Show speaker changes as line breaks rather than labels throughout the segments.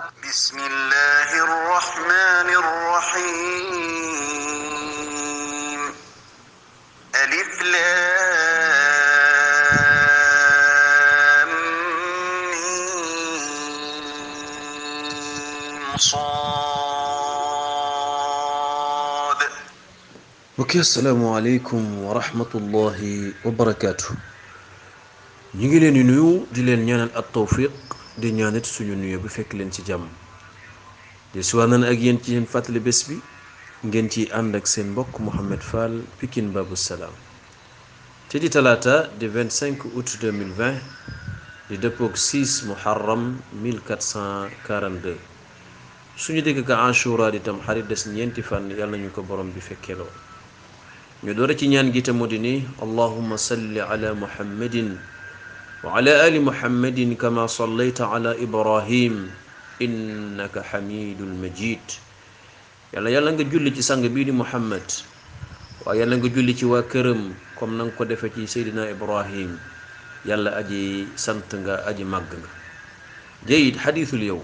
بسم الله الرحمن الرحيم ألف لام صاد ok asalaamualeykum wa rahmatullahi wa barakaatu ñu ngi leen di nuyu di leen ñaanal at tawfiq di ñaanit suñu nuyo bu fekk leen ci jàmm di suwaa nan ak yéen ci seen fàttali bés bi ngeen ciy ànd ak seen mbokk Mouhamed Fall Pikine Babou Salam te di talaata di 25 août 2020 di dëppoog 6 muharram 1442 suñu dégg ka Ashura di tam xarit des ñeenti fànn yàlla nañu ko borom bi fekkeloo ñu doora ci ñaan gi te moo di ni allahumma salli ala muhammadin وعلى آل محمد كما صليت على إبراهيم إنك حميد مجيد yàlla yàlla nga julli ci sang bii di Muhammad waaye yàlla nga julli ci waa këram comme na nga ko defee ci Seydina Ibrahim yàlla aji sant nga aji màgg nga jayid xadiisul yow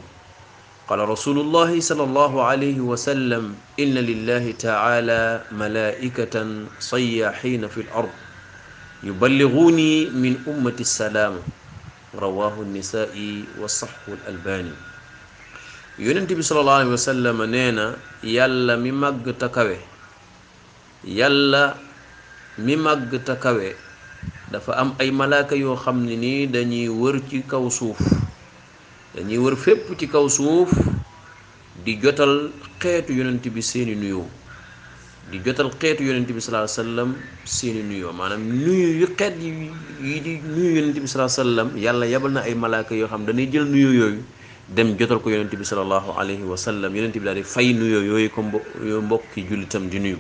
qaala rasulullahi sallallahu alayhi wa sallam inna lillahi taala malaikatan sayyaxiina fi l ard yuballiguni min ummati salaama rawahu nisaa'i wa saxhu albani yonent bi sallallahu wa sallam nee na yàlla mi màgg ta kawe yàlla mi màgg ta kawe dafa am ay malaaka yoo xam ne nii dañuy wër ci kaw suuf dañuy wër fépp ci kaw suuf di jotal xeetu yonent bi seeni nuyoo di jotal xeetu yonent bi sallallahu alayhi wa sallam seeni nuyoo maanaam nuyu yu xeet yi di nuyu yonent bi sallallahu alayhi yàlla yabal na ay malaaka yoo xam dañuy jël nuyoo yooyu dem jotal ko yonent bi sallallahu alayhi wa sallam yonent bi daal di fay nuyoo yooyu ko mbokki jullitam di nuyu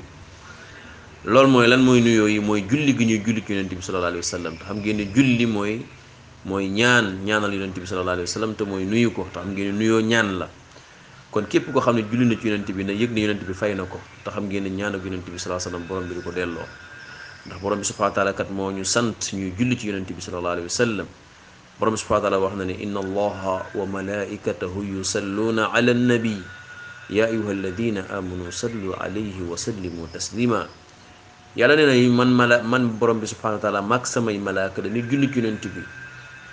loolu mooy lan mooy nuyoo yi mooy julli gi ñuy julli ci yonent bi sallallahu alayhi sallam te xam ngeen ne julli mooy mooy ñaan ñaanal yonent bi sallallahu alayhi wa sallam te mooy nuyu ko te xam ngeen nuyoo ñaan la kon képp ko xam ne julli na ci yonent bi na yëg ne yonent bi fay na ko te xam ngeen ne ñaan ak yonent bi salaa sallam borom ndax borom bi subhana taala moo ñu sant ñuy julli ci yonent bi sallallahu alayhi wa sallam borom bi subhana taala wax na ne inna allaha wa malaikatahu yusalluuna ala annabi ya ayuha alladina amanu sallu alayhi wa sallimu taslima yàlla nee na man mala man borom bi subhana taala maag samay malaaka dañuy julli ci yonent bi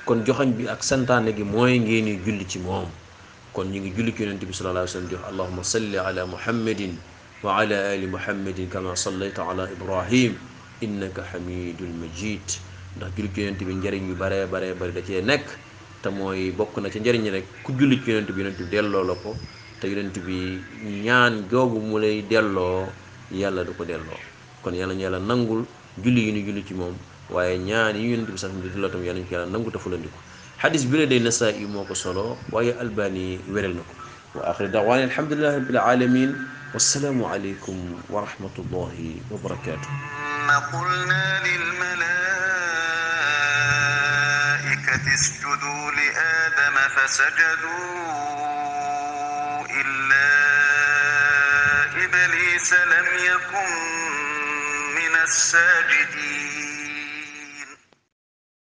kon joxañ bi ak santaana gi mooy ngeen julli ci moom kon ñu ngi julli ci yonent bi sallallahu alayhi wa sallam di wax allahuma salli ala muhammadin wa ala ali muhammadin kama sallayta ala ibrahim innaka hamidul majid ndax julli ci yonent bi njëriñ yu baree baree bari da cee nekk te mooy bokk na ci njëriñ rek ku julli ci yonent bi yonent bi delloo la ko te yonent bi ñaan googu mu lay delloo yàlla du ko delloo kon yàlla ñu yàlla nangul julli yi ñu julli ci moom waaye ñaan yi yonent bi sax di delloo tam yàlla ñu ko yàlla nangu te fulandiku xadis bi la day nasaa'i moo ko solo waaye albani wéral na ko wa axiri daawaani alhamdulilahi rabbil alamin wassalaamu aleykum wa rahmatullahi wa barakaatu قلنا للملائكة اسجدوا لآدم فسجدوا إلا إبليس لم يكن من الساجدين